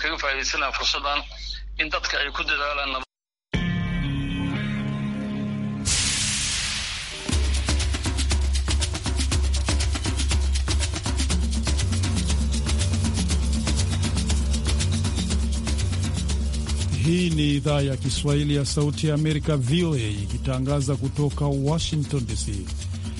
kaga faaidaysan laha fursadan in dadka ay ku dadaalaan Hii ni idhaa ya Kiswahili ya Sauti ya Amerika, VOA, ikitangaza kutoka Washington DC.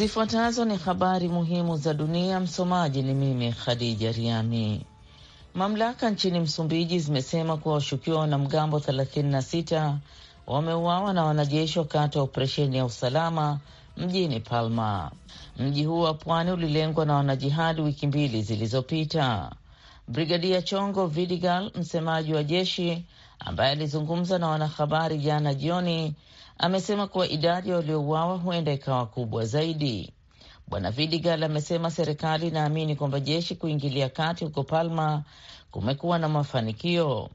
Zifuatazo ni habari muhimu za dunia. Msomaji ni mimi Khadija Riami. Mamlaka nchini Msumbiji zimesema kuwa washukiwa wanamgambo 36 wameuawa na wanajeshi wakati wa operesheni ya usalama mjini Palma. Mji huo wa pwani ulilengwa na wanajihadi wiki mbili zilizopita. Brigadia Chongo Vidigal, msemaji wa jeshi ambaye alizungumza na wanahabari jana jioni, amesema kuwa idadi ya waliouawa huenda ikawa kubwa zaidi. Bwana Vidigal amesema serikali inaamini kwamba jeshi kuingilia kati huko Palma kumekuwa na mafanikio.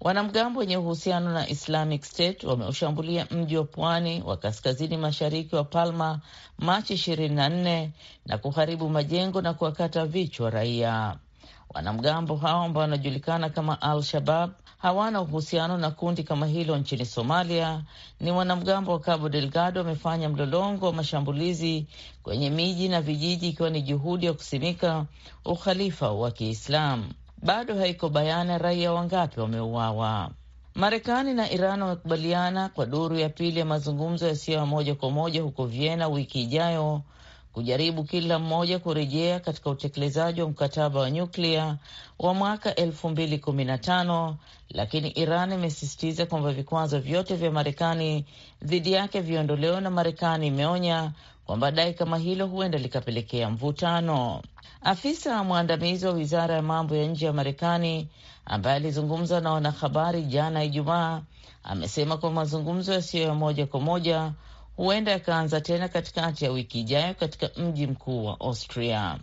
Wanamgambo wenye uhusiano na Islamic State wameushambulia mji wa pwani wa kaskazini mashariki wa Palma Machi 24 na kuharibu majengo na kuwakata vichwa raia. Wanamgambo hao ambao wanajulikana kama Al Shabab hawana uhusiano na kundi kama hilo nchini Somalia. Ni wanamgambo wa Cabo Delgado wamefanya mlolongo wa mashambulizi kwenye miji na vijiji, ikiwa ni juhudi ya kusimika ukhalifa wa Kiislamu. Bado haiko bayana raia wangapi wameuawa. Marekani na Iran wamekubaliana kwa duru ya pili ya mazungumzo yasiyo ya moja kwa moja huko Vienna wiki ijayo kujaribu kila mmoja kurejea katika utekelezaji wa mkataba wa nyuklia wa mwaka elfu lakini Iran imesisitiza kwamba vikwazo vyote vya Marekani dhidi yake viondolewe, na Marekani imeonya kwamba dai kama hilo huenda likapelekea mvutano. Afisa mwandamizi wa wizara ya mambo ya nje ya Marekani ambaye alizungumza na wanahabari jana Ijumaa amesema kwa mazungumzo yasiyo ya moja kwa moja huenda yakaanza tena katikati ya wiki ijayo katika mji mkuu wa Austria.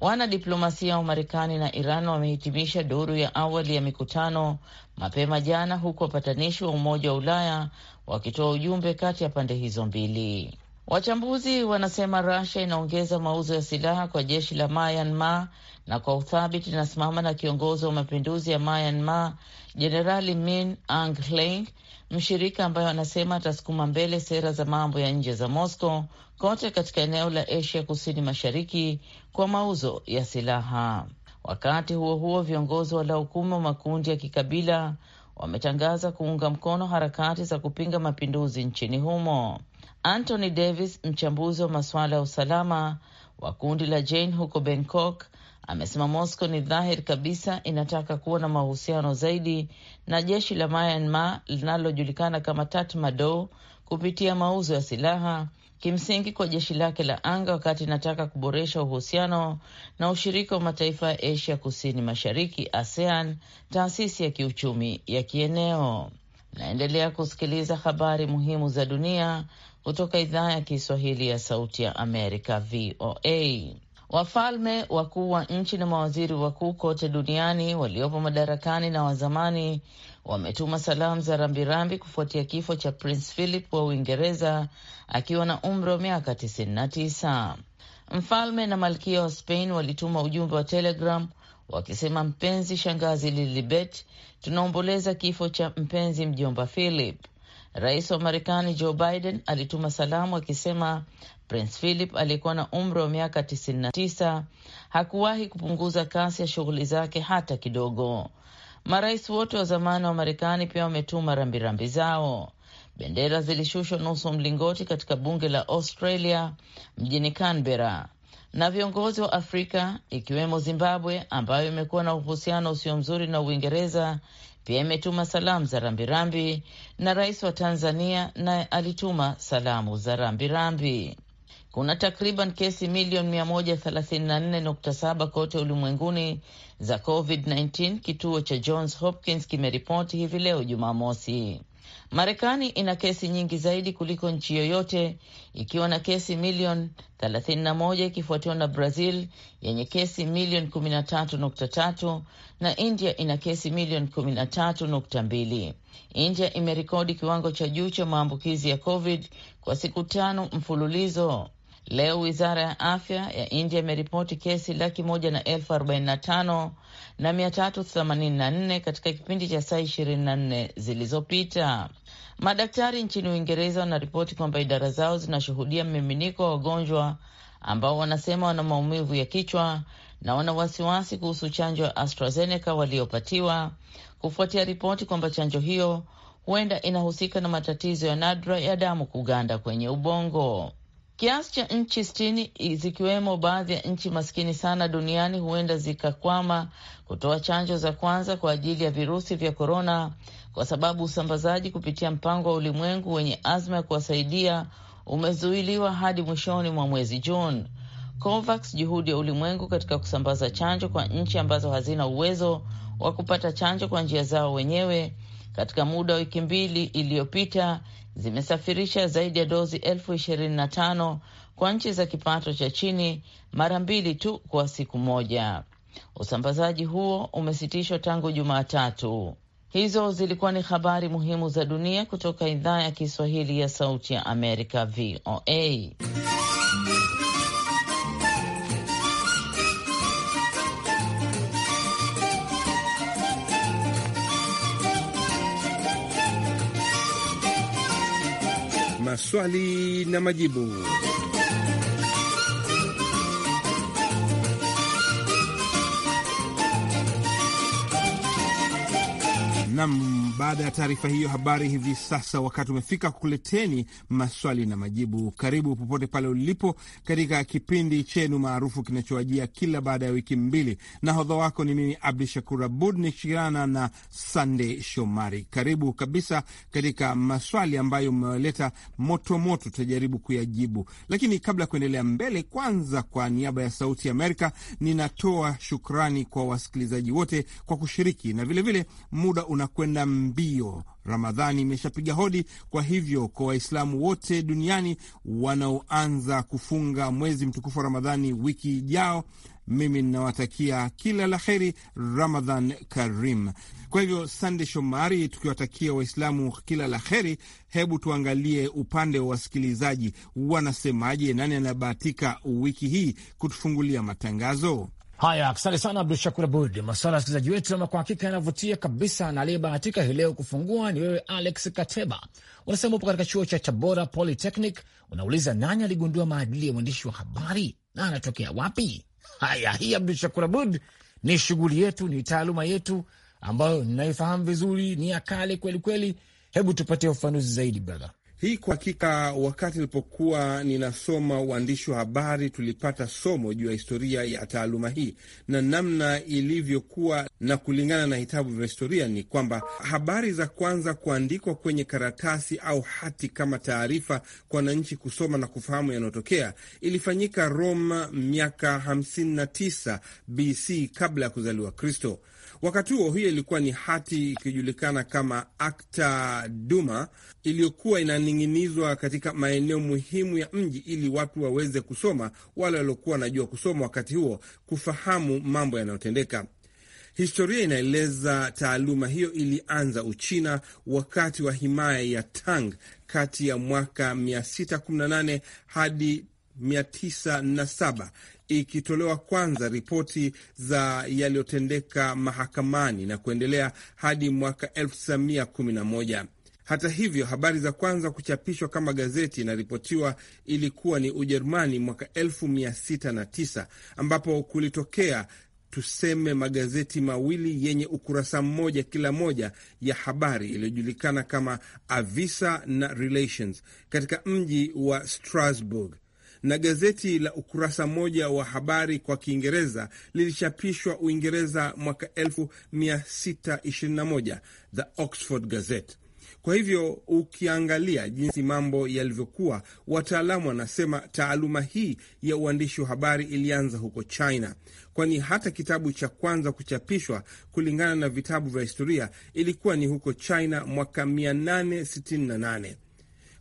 Wanadiplomasia wa Marekani na Iran wamehitimisha duru ya awali ya mikutano mapema jana, huku wapatanishi wa Umoja wa Ulaya wakitoa ujumbe kati ya pande hizo mbili. Wachambuzi wanasema rasia inaongeza mauzo ya silaha kwa jeshi la Myanmar na kwa uthabiti inasimama na kiongozi wa mapinduzi ya Myanmar Jenerali Min Aung Hlaing, mshirika ambayo anasema atasukuma mbele sera za mambo ya nje za Moscow kote katika eneo la Asia Kusini Mashariki kwa mauzo ya silaha. Wakati huo huo, viongozi walaokumi wa makundi ya kikabila wametangaza kuunga mkono harakati za kupinga mapinduzi nchini humo. Anthony Davis, mchambuzi wa masuala ya usalama wa kundi la Jane huko Bangkok, amesema Moscow ni dhahiri kabisa inataka kuwa na mahusiano zaidi na jeshi la Myanmar linalojulikana kama Tatmadaw kupitia mauzo ya silaha kimsingi kwa jeshi lake la anga, wakati inataka kuboresha uhusiano na ushirika wa mataifa ya Asia Kusini Mashariki, ASEAN, taasisi ya kiuchumi ya kieneo. Naendelea kusikiliza habari muhimu za dunia kutoka idhaa ya Kiswahili ya Sauti ya Amerika, VOA. Wafalme wakuu wa nchi na mawaziri wakuu kote duniani waliopo madarakani na wazamani wametuma salamu za rambirambi kufuatia kifo cha Prince Philip wa Uingereza akiwa na umri wa miaka 99. Mfalme na malkia wa Spain walituma ujumbe wa Telegram wakisema, mpenzi shangazi Lilibet, tunaomboleza kifo cha mpenzi mjomba Philip. Rais wa Marekani Joe Biden alituma salamu akisema Prince Philip aliyekuwa na umri wa miaka 99 hakuwahi kupunguza kasi ya shughuli zake hata kidogo. Marais wote wa zamani wa Marekani pia wametuma rambirambi zao. Bendera zilishushwa nusu mlingoti katika bunge la Australia mjini Canberra, na viongozi wa Afrika ikiwemo Zimbabwe ambayo imekuwa na uhusiano usio mzuri na Uingereza pia imetuma salamu za rambirambi na rais wa Tanzania naye alituma salamu za rambirambi. Kuna takriban kesi milioni 134.7 kote ulimwenguni za COVID-19, kituo cha Johns Hopkins kimeripoti hivi leo Jumamosi. Marekani ina kesi nyingi zaidi kuliko nchi yoyote ikiwa na kesi milioni 31 ikifuatiwa na Brazil yenye kesi milioni 13.3 na India ina kesi milioni 13.2. India imerekodi kiwango cha juu cha maambukizi ya COVID kwa siku tano mfululizo. Leo wizara ya afya ya India imeripoti kesi laki moja na elfu arobaini na tano na mia tatu themanini na nne katika kipindi cha saa ishirini na nne zilizopita. Madaktari nchini Uingereza wanaripoti kwamba idara zao zinashuhudia mmiminiko wa wagonjwa ambao wanasema wana maumivu ya kichwa na wana wasiwasi kuhusu chanjo ya AstraZeneca waliopatiwa kufuatia ripoti kwamba chanjo hiyo huenda inahusika na matatizo ya nadra ya damu kuganda kwenye ubongo. Kiasi cha nchi sitini zikiwemo baadhi ya nchi maskini sana duniani huenda zikakwama kutoa chanjo za kwanza kwa ajili ya virusi vya korona, kwa sababu usambazaji kupitia mpango wa ulimwengu wenye azma ya kuwasaidia umezuiliwa hadi mwishoni mwa mwezi Juni. COVAX, juhudi ya ulimwengu katika kusambaza chanjo kwa nchi ambazo hazina uwezo wa kupata chanjo kwa njia zao wenyewe, katika muda wa wiki mbili iliyopita zimesafirisha zaidi ya dozi elfu ishirini na tano kwa nchi za kipato cha chini, mara mbili tu kwa siku moja. Usambazaji huo umesitishwa tangu Jumatatu. Hizo zilikuwa ni habari muhimu za dunia kutoka idhaa ya Kiswahili ya Sauti ya Amerika, VOA. Maswali na Majibu. Nam baada ya taarifa hiyo habari. Hivi sasa wakati umefika kukuleteni maswali na majibu. Karibu popote pale ulipo katika kipindi chenu maarufu kinachoajia kila baada ya wiki mbili. Nahodha wako ni mimi Abdu Shakur Abud nikishirikiana na Sandey Shomari. Karibu kabisa katika maswali ambayo mmewaleta motomoto, tutajaribu kuyajibu, lakini kabla ya kuendelea mbele, kwanza kwa niaba ya Sauti Amerika ninatoa shukrani kwa wasikilizaji wote kwa kushiriki na vilevile vile, muda unakwenda mbio. Ramadhani imeshapiga hodi, kwa hivyo kwa Waislamu wote duniani wanaoanza kufunga mwezi mtukufu wa Ramadhani wiki ijao, mimi ninawatakia kila la heri, Ramadhan Karim. Kwa hivyo, sande Shomari, tukiwatakia Waislamu kila la heri, hebu tuangalie upande wa wasikilizaji wanasemaje. Nani anabahatika wiki hii kutufungulia matangazo? Haya, asante sana Abdu Shakur Abud. maswala ya wasikilizaji wetu ama kwa hakika yanavutia kabisa, na aliyebahatika hii leo kufungua ni wewe Alex Kateba. Unasema upo katika chuo cha Tabora Polytechnic, unauliza nani aligundua maadili ya mwandishi wa habari na anatokea wapi? Haya, hii Abdu Shakur Abud ni shughuli yetu, ni taaluma yetu ambayo ninaifahamu vizuri, ni ya kale kwelikweli. Hebu tupatie ufanuzi zaidi brother. Hii kwa hakika, wakati nilipokuwa ninasoma uandishi wa habari, tulipata somo juu ya historia ya taaluma hii na namna ilivyokuwa, na kulingana na vitabu vya historia ni kwamba habari za kwanza kuandikwa kwenye karatasi au hati kama taarifa kwa wananchi kusoma na kufahamu yanayotokea ilifanyika Roma miaka 59 BC kabla ya kuzaliwa Kristo. Wakati huo hiyo ilikuwa ni hati ikijulikana kama akta duma iliyokuwa inaning'inizwa katika maeneo muhimu ya mji ili watu waweze kusoma, wale waliokuwa wanajua kusoma wakati huo, kufahamu mambo yanayotendeka. Historia inaeleza taaluma hiyo ilianza Uchina wakati wa himaya ya Tang kati ya mwaka 618 hadi 907 ikitolewa kwanza ripoti za yaliyotendeka mahakamani na kuendelea hadi mwaka 1911. Hata hivyo habari za kwanza kuchapishwa kama gazeti inaripotiwa ilikuwa ni Ujerumani mwaka 1609 ambapo kulitokea tuseme magazeti mawili yenye ukurasa mmoja kila moja ya habari iliyojulikana kama Avisa na Relations katika mji wa Strasbourg na gazeti la ukurasa mmoja wa habari kwa Kiingereza lilichapishwa Uingereza mwaka 1621, The Oxford Gazette. Kwa hivyo ukiangalia jinsi mambo yalivyokuwa, wataalamu wanasema taaluma hii ya uandishi wa habari ilianza huko China, kwani hata kitabu cha kwanza kuchapishwa kulingana na vitabu vya historia ilikuwa ni huko China mwaka 868.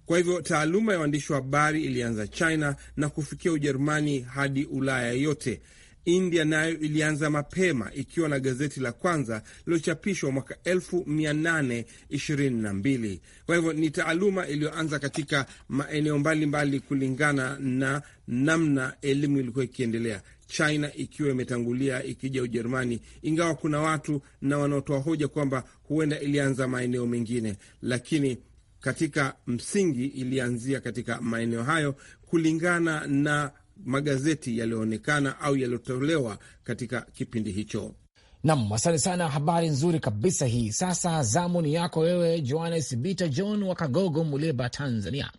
Kwa hivyo taaluma ya waandishi wa habari ilianza China na kufikia Ujerumani hadi Ulaya yote. India nayo ilianza mapema ikiwa na gazeti la kwanza lilochapishwa mwaka 1822. Kwa hivyo ni taaluma iliyoanza katika maeneo mbalimbali kulingana na namna elimu ilikuwa ikiendelea, China ikiwa imetangulia ikija Ujerumani, ingawa kuna watu na wanaotoa hoja kwamba huenda ilianza maeneo mengine, lakini katika msingi ilianzia katika maeneo hayo kulingana na magazeti yaliyoonekana au yaliyotolewa katika kipindi hicho. Nam, asante sana, habari nzuri kabisa hii. Sasa zamu ni yako wewe, Johannes Bita John wa Kagogo, Muleba, Tanzania.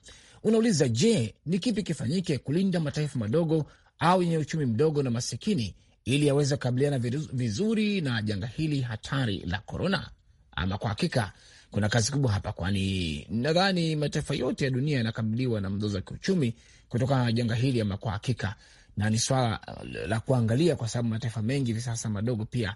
Unauliza, je, ni kipi kifanyike kulinda mataifa madogo au yenye uchumi mdogo na masikini ili yaweze kukabiliana vizuri na janga hili hatari la korona? Ama kwa hakika kuna kazi kubwa hapa, kwani nadhani mataifa yote ya dunia yanakabiliwa na mzozo wa kiuchumi kutokana na janga hili, ama kwa hakika, na ni swala la kuangalia, kwa sababu mataifa mengi hivi sasa madogo pia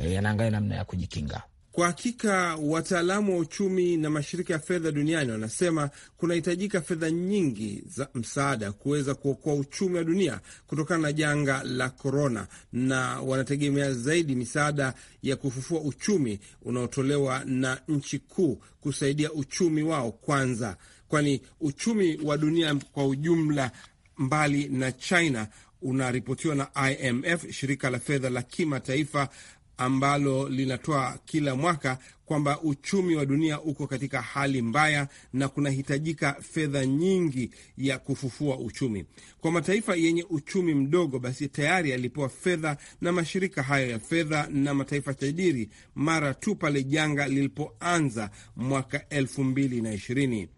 eh, yanaangalia namna ya kujikinga. Kwa hakika wataalamu wa uchumi na mashirika ya fedha duniani wanasema kunahitajika fedha nyingi za msaada kuweza kuokoa uchumi wa dunia kutokana na janga la korona, na wanategemea zaidi misaada ya kufufua uchumi unaotolewa na nchi kuu kusaidia uchumi wao kwanza, kwani uchumi wa dunia kwa ujumla, mbali na China, unaripotiwa na IMF, shirika la fedha la kimataifa ambalo linatoa kila mwaka kwamba uchumi wa dunia uko katika hali mbaya na kunahitajika fedha nyingi ya kufufua uchumi. Kwa mataifa yenye uchumi mdogo, basi tayari yalipewa fedha na mashirika hayo ya fedha na mataifa tajiri mara tu pale janga lilipoanza mwaka elfu mbili na ishirini.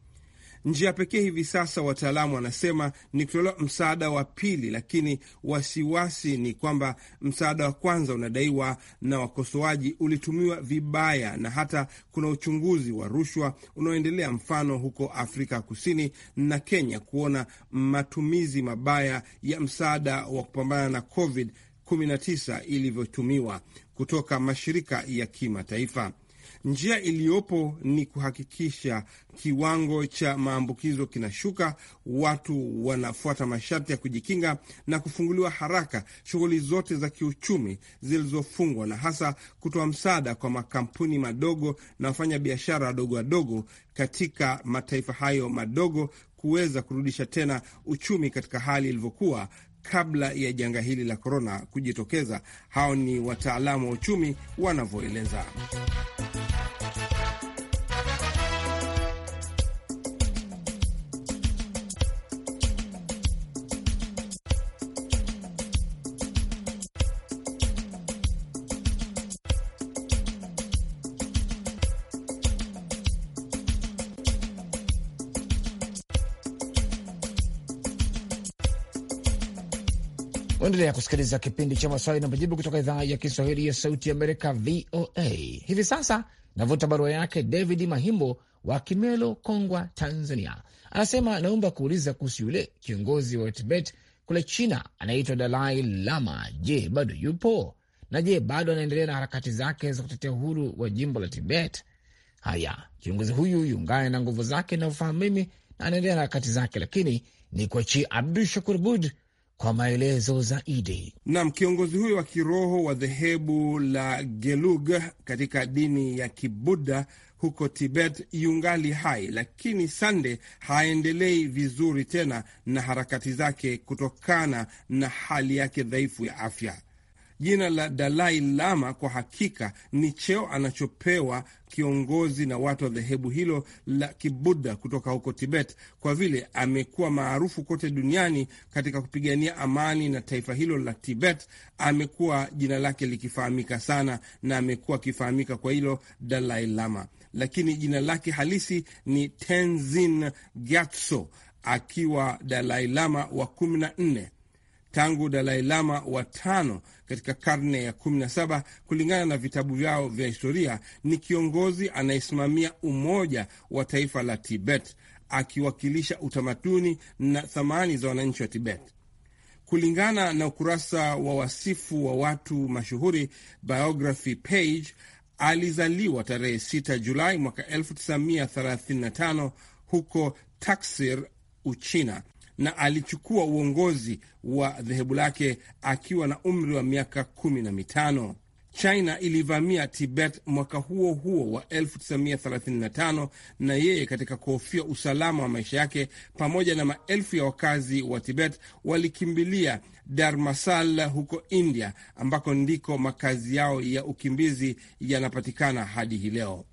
Njia pekee hivi sasa, wataalamu wanasema ni kutolewa msaada wa pili, lakini wasiwasi ni kwamba msaada wa kwanza unadaiwa na wakosoaji ulitumiwa vibaya, na hata kuna uchunguzi wa rushwa unaoendelea, mfano huko Afrika Kusini na Kenya, kuona matumizi mabaya ya msaada wa kupambana na COVID 19 ilivyotumiwa kutoka mashirika ya kimataifa. Njia iliyopo ni kuhakikisha kiwango cha maambukizo kinashuka, watu wanafuata masharti ya kujikinga na kufunguliwa haraka shughuli zote za kiuchumi zilizofungwa, na hasa kutoa msaada kwa makampuni madogo na wafanya biashara wadogo wadogo katika mataifa hayo madogo kuweza kurudisha tena uchumi katika hali ilivyokuwa kabla ya janga hili la korona kujitokeza. Hao ni wataalamu wa uchumi wanavyoeleza. Unaendelea kusikiliza kipindi cha maswali na majibu kutoka idhaa ya Kiswahili ya Sauti Amerika, VOA. Hivi sasa navuta barua yake David Mahimbo wa Kimelo, Kongwa, Tanzania. Anasema naomba kuuliza kuhusu yule kiongozi wa Tibet kule China anaitwa Dalai Lama. Je, bado yupo na je, bado anaendelea na harakati zake za kutetea uhuru wa jimbo la Tibet? Haya, kiongozi huyu yungane na nguvu zake, naofahamu mimi, na anaendelea na harakati zake, lakini ni kuachia Abdu Shakur Bud kwa maelezo zaidi. Nam kiongozi huyo wa kiroho wa dhehebu la Gelug katika dini ya kibudda huko Tibet yungali hai, lakini Sande haendelei vizuri tena na harakati zake kutokana na hali yake dhaifu ya afya. Jina la Dalai Lama kwa hakika ni cheo anachopewa kiongozi na watu wa dhehebu hilo la kibudda kutoka huko Tibet, kwa vile amekuwa maarufu kote duniani katika kupigania amani na taifa hilo la Tibet. Amekuwa jina lake likifahamika sana na amekuwa akifahamika kwa hilo Dalai Lama, lakini jina lake halisi ni Tenzin Gyatso, akiwa Dalai Lama wa kumi na nne tangu Dalai Lama wa tano katika karne ya 17 kulingana na vitabu vyao vya historia. Ni kiongozi anayesimamia umoja wa taifa la Tibet, akiwakilisha utamaduni na thamani za wananchi wa Tibet. Kulingana na ukurasa wa wasifu wa watu mashuhuri biography page, alizaliwa tarehe 6 Julai mwaka 1935 huko Taksir, Uchina na alichukua uongozi wa dhehebu lake akiwa na umri wa miaka kumi na mitano. China ilivamia Tibet mwaka huo huo wa 1935 na yeye, katika kuhofia usalama wa maisha yake, pamoja na maelfu ya wakazi wa Tibet walikimbilia Darmasal huko India, ambako ndiko makazi yao ya ukimbizi yanapatikana hadi hii leo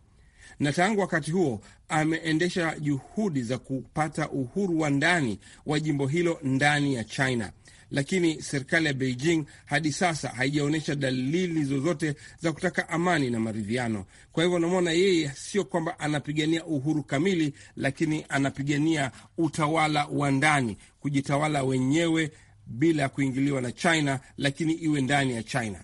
na tangu wakati huo ameendesha juhudi za kupata uhuru wa ndani wa jimbo hilo ndani ya China, lakini serikali ya Beijing hadi sasa haijaonyesha dalili zozote za kutaka amani na maridhiano. Kwa hivyo unamwona yeye sio kwamba anapigania uhuru kamili, lakini anapigania utawala wa ndani, kujitawala wenyewe bila ya kuingiliwa na China, lakini iwe ndani ya China.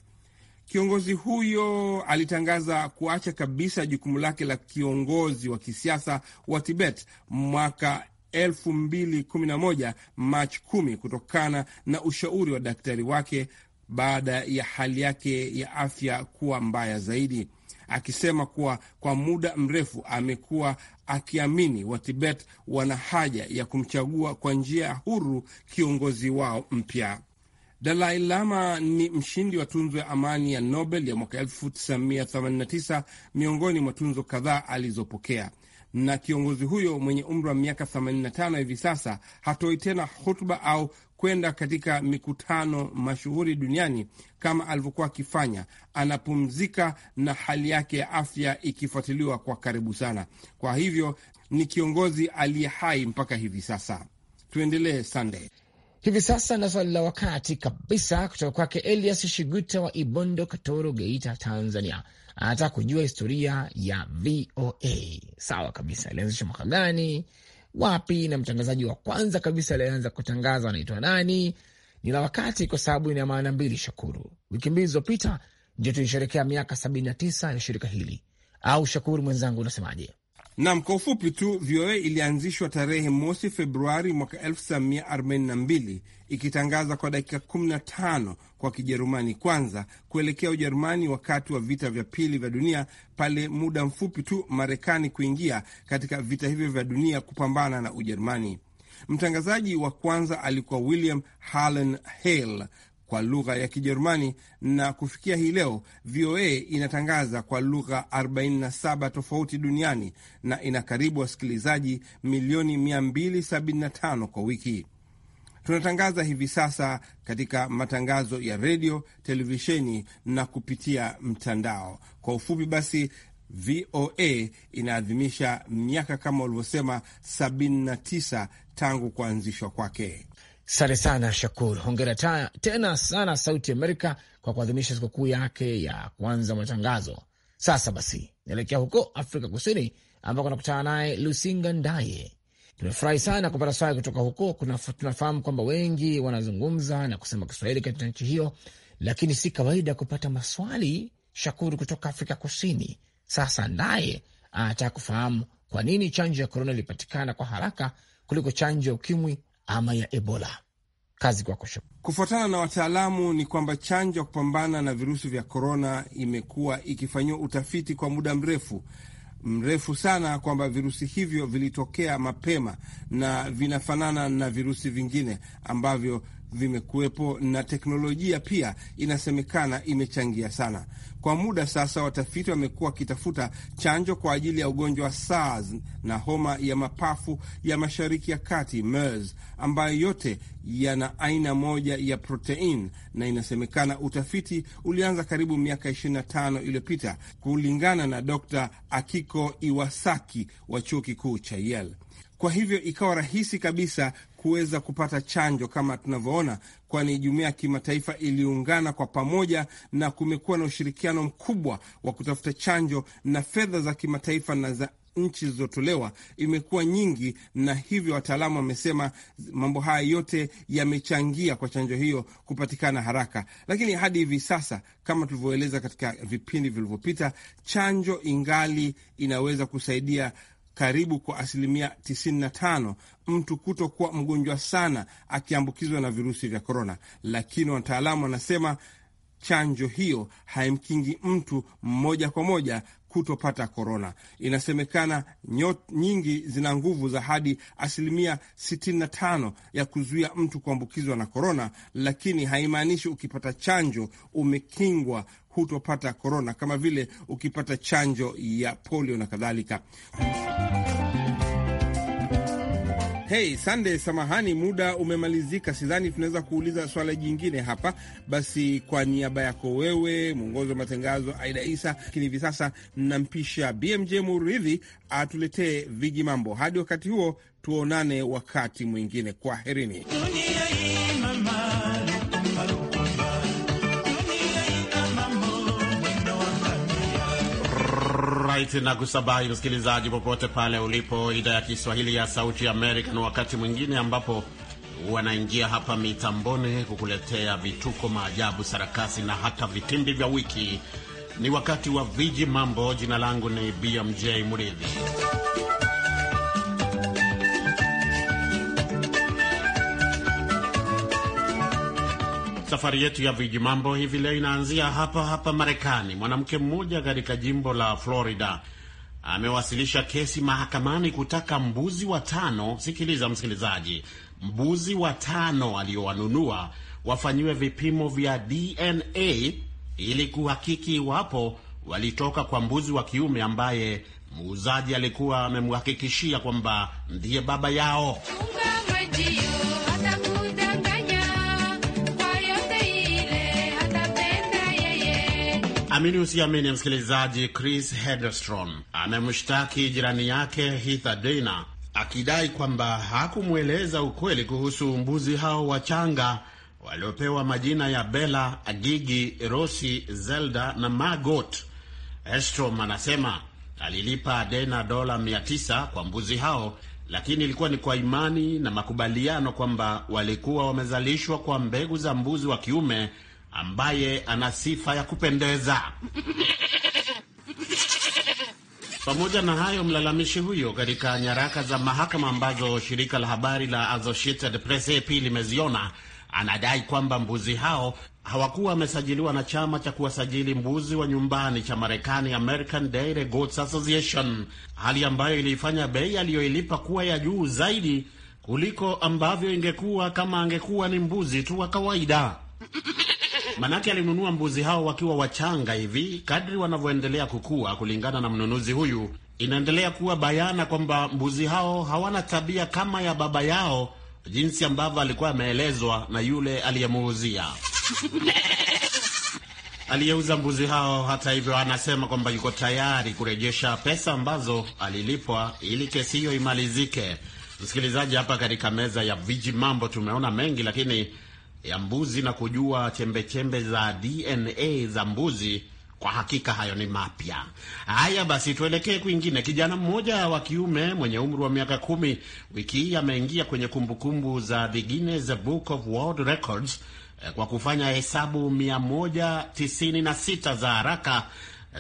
Kiongozi huyo alitangaza kuacha kabisa jukumu lake la kiongozi wa kisiasa wa Tibet mwaka 2011 Machi 10 kutokana na ushauri wa daktari wake baada ya hali yake ya afya kuwa mbaya zaidi, akisema kuwa kwa muda mrefu amekuwa akiamini Watibet wana haja ya kumchagua kwa njia huru kiongozi wao mpya. Dalai Lama ni mshindi wa tunzo ya amani ya Nobel ya mwaka 1989 miongoni mwa tunzo kadhaa alizopokea. Na kiongozi huyo mwenye umri wa miaka 85 hivi sasa hatoi tena hutuba au kwenda katika mikutano mashuhuri duniani kama alivyokuwa akifanya. Anapumzika na hali yake ya afya ikifuatiliwa kwa karibu sana. Kwa hivyo ni kiongozi aliye hai mpaka hivi sasa. Tuendelee Sunday. Hivi sasa na swali la wakati kabisa kutoka kwake Elias Shiguta wa Ibondo, Katoro, Geita, Tanzania. Anataka kujua historia ya VOA. Sawa kabisa, ilianzishwa mwaka gani, wapi, na mtangazaji wa kwanza kabisa alianza kutangaza anaitwa nani? Ni la wakati kwa sababu ina maana mbili, Shakuru. Wiki mbili zilizopita ndio tulisherekea miaka sabini na tisa ya shirika hili, au Shakuru mwenzangu, unasemaje? Nam, kwa ufupi tu, VOA ilianzishwa tarehe mosi Februari mwaka 1942 ikitangaza kwa dakika 15 kwa Kijerumani kwanza kuelekea Ujerumani wakati wa vita vya pili vya dunia, pale muda mfupi tu Marekani kuingia katika vita hivyo vya dunia kupambana na Ujerumani. Mtangazaji wa kwanza alikuwa William Harlan Hale kwa lugha ya Kijerumani na kufikia hii leo VOA inatangaza kwa lugha 47 tofauti duniani na ina karibu wasikilizaji milioni 275 kwa wiki. Tunatangaza hivi sasa katika matangazo ya redio, televisheni na kupitia mtandao. Kwa ufupi basi, VOA inaadhimisha miaka kama ulivyosema 79 tangu kuanzishwa kwake. Asante sana Shakur, hongera tena sana Sauti Amerika kwa kuadhimisha sikukuu yake ya kwanza matangazo. Sasa basi, naelekea huko Afrika Kusini ambako nakutana naye Lusinga Ndaye. Tumefurahi sana kupata swali kutoka huko. tunafahamu kwamba wengi wanazungumza na kusema Kiswahili katika nchi hiyo, lakini si kawaida kupata maswali Shakur kutoka Afrika Kusini. Sasa Ndaye anataka kufahamu kwa nini chanjo ya korona ilipatikana kwa haraka kuliko chanjo ya ukimwi ama ya Ebola. Kazi kwako. Kufuatana na wataalamu, ni kwamba chanjo ya kupambana na virusi vya korona imekuwa ikifanyiwa utafiti kwa muda mrefu mrefu sana, kwamba virusi hivyo vilitokea mapema na vinafanana na virusi vingine ambavyo vimekuwepo, na teknolojia pia inasemekana imechangia sana. Kwa muda sasa, watafiti wamekuwa wakitafuta chanjo kwa ajili ya ugonjwa wa SARS na homa ya mapafu ya mashariki ya kati MERS, ambayo yote yana aina moja ya protein na inasemekana utafiti ulianza karibu miaka 25 iliyopita, kulingana na Dr. Akiko Iwasaki wa chuo kikuu cha Yale. Kwa hivyo ikawa rahisi kabisa kuweza kupata chanjo kama tunavyoona, kwani jumuiya ya kimataifa iliungana kwa pamoja na kumekuwa na ushirikiano mkubwa wa kutafuta chanjo na fedha za kimataifa na za nchi zilizotolewa imekuwa nyingi, na hivyo wataalamu wamesema mambo haya yote yamechangia kwa chanjo hiyo kupatikana haraka. Lakini hadi hivi sasa, kama tulivyoeleza katika vipindi vilivyopita, chanjo ingali inaweza kusaidia karibu kwa asilimia 95 mtu kutokuwa mgonjwa sana akiambukizwa na virusi vya korona, lakini wataalamu wanasema chanjo hiyo haimkingi mtu moja kwa moja kutopata korona. Inasemekana nyot nyingi zina nguvu za hadi asilimia 65 ya kuzuia mtu kuambukizwa na korona, lakini haimaanishi ukipata chanjo umekingwa hutopata korona, kama vile ukipata chanjo ya polio na kadhalika. Hey, Sunday, samahani, muda umemalizika. Sidhani tunaweza kuuliza swala jingine hapa. Basi, kwa niaba yako wewe, mwongozi wa matangazo Aida Isa, lakini hivi sasa nampisha BMJ Muridhi atuletee viji mambo. Hadi wakati huo, tuonane wakati mwingine. Kwaherini. right na kusabahi msikilizaji, popote pale ulipo, idhaa ya Kiswahili ya Sauti ya Amerika. Na wakati mwingine ambapo wanaingia hapa mitamboni kukuletea vituko, maajabu, sarakasi na hata vitimbi vya wiki. Ni wakati wa viji mambo. Jina langu ni BMJ Mridhi. Safari yetu ya vijimambo hivi leo inaanzia hapa hapa Marekani. Mwanamke mmoja katika jimbo la Florida amewasilisha kesi mahakamani kutaka mbuzi watano, sikiliza msikilizaji, mbuzi watano aliowanunua wafanyiwe vipimo vya DNA ili kuhakiki iwapo walitoka kwa mbuzi wa kiume ambaye muuzaji alikuwa amemhakikishia kwamba ndiye baba yao. Amini usiamini, msikilizaji, Chris Hedestrom amemshtaki jirani yake Heather Dana akidai kwamba hakumweleza ukweli kuhusu mbuzi hao wachanga waliopewa majina ya Bella, Gigi, Rosi, Zelda na Margot. Estrom anasema alilipa Dena dola 900 kwa mbuzi hao, lakini ilikuwa ni kwa imani na makubaliano kwamba walikuwa wamezalishwa kwa mbegu za mbuzi wa kiume ambaye ana sifa ya kupendeza. Pamoja na hayo, mlalamishi huyo katika nyaraka za mahakama ambazo shirika la habari la Associated Press AP limeziona, anadai kwamba mbuzi hao hawakuwa wamesajiliwa na chama cha kuwasajili mbuzi wa nyumbani cha Marekani, American Dairy Goats Association, hali ambayo iliifanya bei aliyoilipa kuwa ya juu zaidi kuliko ambavyo ingekuwa kama angekuwa ni mbuzi tu wa kawaida. Manake alinunua mbuzi hao wakiwa wachanga hivi. Kadri wanavyoendelea kukua, kulingana na mnunuzi huyu, inaendelea kuwa bayana kwamba mbuzi hao hawana tabia kama ya baba yao, jinsi ambavyo alikuwa ameelezwa na yule aliyemuuzia aliyeuza mbuzi hao. Hata hivyo, anasema kwamba yuko tayari kurejesha pesa ambazo alilipwa ili kesi hiyo imalizike. Msikilizaji, hapa katika meza ya viji mambo tumeona mengi, lakini ya mbuzi na kujua chembechembe -chembe za DNA za mbuzi. Kwa hakika hayo ni mapya. Haya basi, tuelekee kwingine. Kijana mmoja wa kiume mwenye umri wa miaka kumi wiki hii ameingia kwenye kumbukumbu za The Guinness Book of World Records eh, kwa kufanya hesabu 196 za haraka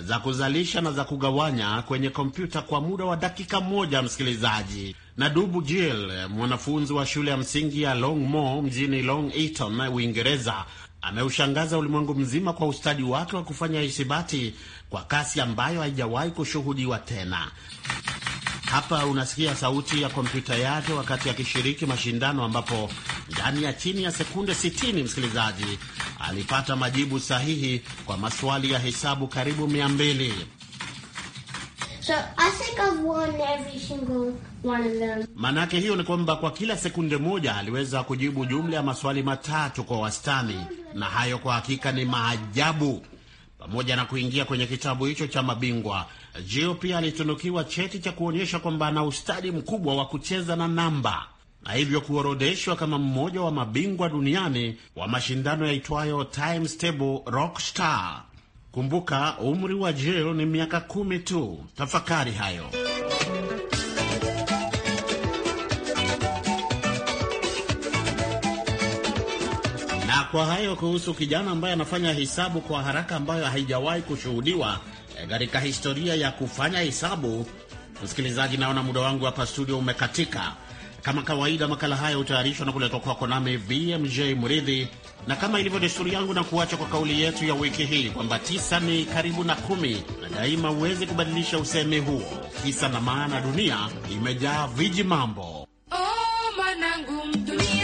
za kuzalisha na za kugawanya kwenye kompyuta kwa muda wa dakika moja, msikilizaji. Na Dubu Jill, mwanafunzi wa shule ya msingi ya Longmoor mjini Long Eaton, Uingereza, ameushangaza ulimwengu mzima kwa ustadi wake wa kufanya hisabati kwa kasi ambayo haijawahi kushuhudiwa tena. Hapa unasikia sauti ya kompyuta yake wakati akishiriki mashindano ambapo ndani ya chini ya sekunde 60, msikilizaji, alipata majibu sahihi kwa maswali ya hesabu karibu mia mbili. So, maanake hiyo ni kwamba kwa kila sekunde moja aliweza kujibu jumla ya maswali matatu kwa wastani, na hayo kwa hakika ni maajabu. Pamoja na kuingia kwenye kitabu hicho cha mabingwa, Gio pia alitunukiwa cheti cha kuonyesha kwamba ana ustadi mkubwa wa kucheza na namba na hivyo kuorodheshwa kama mmoja wa mabingwa duniani wa mashindano yaitwayo Times Table Rock Star. Kumbuka umri wa Jill ni miaka kumi tu. Tafakari hayo. Na kwa hayo kuhusu kijana ambaye anafanya hesabu kwa haraka ambayo haijawahi kushuhudiwa eh, katika historia ya kufanya hesabu. Msikilizaji, naona muda wangu hapa studio umekatika. Kama kawaida, makala haya hutayarishwa na kuletwa kwako nami BMJ Mridhi, na kama ilivyo desturi yangu, na kuacha kwa kauli yetu ya wiki hii kwamba tisa ni karibu na kumi, na daima huwezi kubadilisha usemi huo. Kisa na maana, dunia imejaa viji mambo. Oh, manangu, dunia.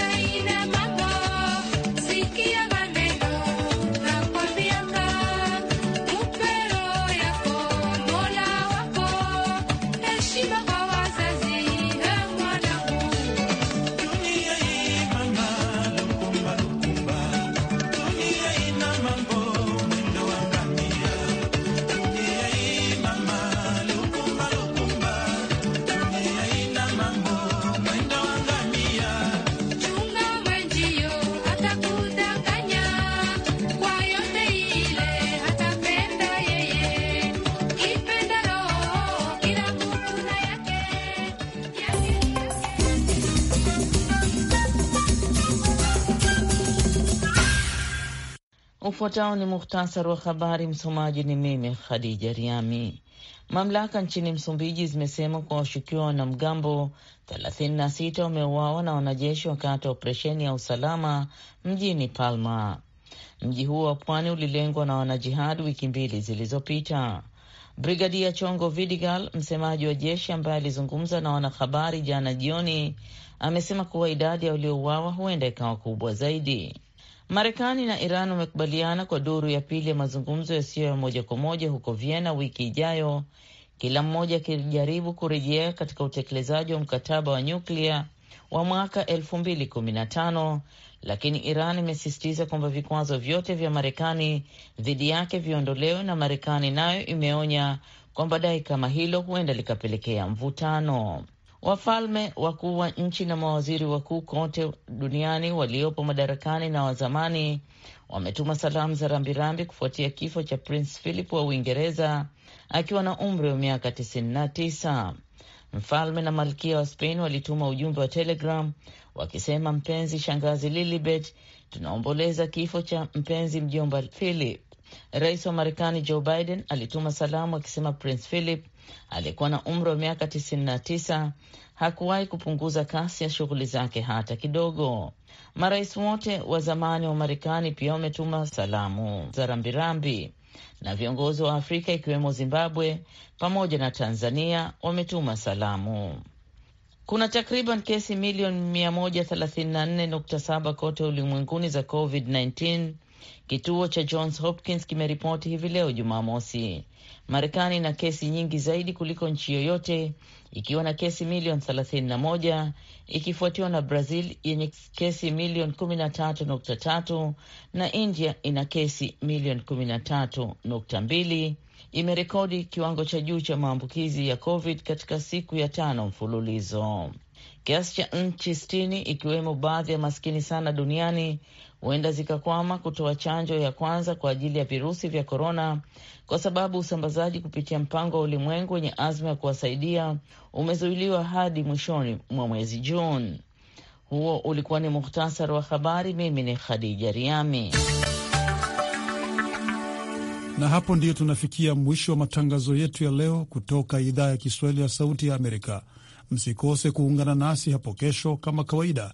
Ufuatao ni muhtasari wa habari. Msomaji ni mimi Khadija Riami. Mamlaka nchini Msumbiji zimesema kuwa washukiwa wanamgambo 36 wameuawa na wanajeshi wakati wa operesheni ya usalama mjini Palma. Mji huo wa pwani ulilengwa na wanajihadi wiki mbili zilizopita. Brigadia Chongo Vidigal, msemaji wa jeshi ambaye alizungumza na wanahabari jana jioni, amesema kuwa idadi ya waliouawa huenda ikawa kubwa zaidi. Marekani na Iran wamekubaliana kwa duru ya pili ya mazungumzo yasiyo ya moja kwa moja huko Vienna wiki ijayo, kila mmoja akijaribu kurejea katika utekelezaji wa mkataba wa nyuklia wa mwaka elfu mbili kumi na tano, lakini Iran imesisitiza kwamba vikwazo vyote vya Marekani dhidi yake viondolewe, na Marekani nayo imeonya kwamba dai kama hilo huenda likapelekea mvutano. Wafalme wakuu wa nchi na mawaziri wakuu kote duniani waliopo madarakani na wazamani wametuma salamu za rambirambi kufuatia kifo cha Prince Philip wa Uingereza akiwa na umri wa miaka 99. Mfalme na malkia wa Spain walituma ujumbe wa Telegram wakisema, mpenzi shangazi Lilibet, tunaomboleza kifo cha mpenzi mjomba Philip. Rais wa Marekani Joe Biden alituma salamu akisema Prince Philip aliyekuwa na umri wa miaka 99 hakuwahi kupunguza kasi ya shughuli zake hata kidogo. Marais wote wa zamani wa Marekani pia wametuma salamu za rambirambi na viongozi wa Afrika ikiwemo Zimbabwe pamoja na Tanzania wametuma salamu. Kuna takriban kesi milioni 134.7 kote ulimwenguni za COVID-19 Kituo cha Johns Hopkins kimeripoti hivi leo Jumamosi, Marekani ina kesi nyingi zaidi kuliko nchi yoyote ikiwa na kesi milioni 31 ikifuatiwa na Brazil yenye kesi milioni 13.3 na India ina kesi milioni 13.2. Imerekodi kiwango cha juu cha maambukizi ya COVID katika siku ya tano mfululizo. Kiasi cha nchi sitini ikiwemo baadhi ya maskini sana duniani huenda zikakwama kutoa chanjo ya kwanza kwa ajili ya virusi vya korona kwa sababu usambazaji kupitia mpango wa ulimwengu wenye azma ya kuwasaidia umezuiliwa hadi mwishoni mwa mwezi Juni. Huo ulikuwa ni muhtasari wa habari. Mimi ni Khadija Riami, na hapo ndiyo tunafikia mwisho wa matangazo yetu ya leo kutoka idhaa ya Kiswahili ya Sauti ya Amerika. Msikose kuungana nasi hapo kesho kama kawaida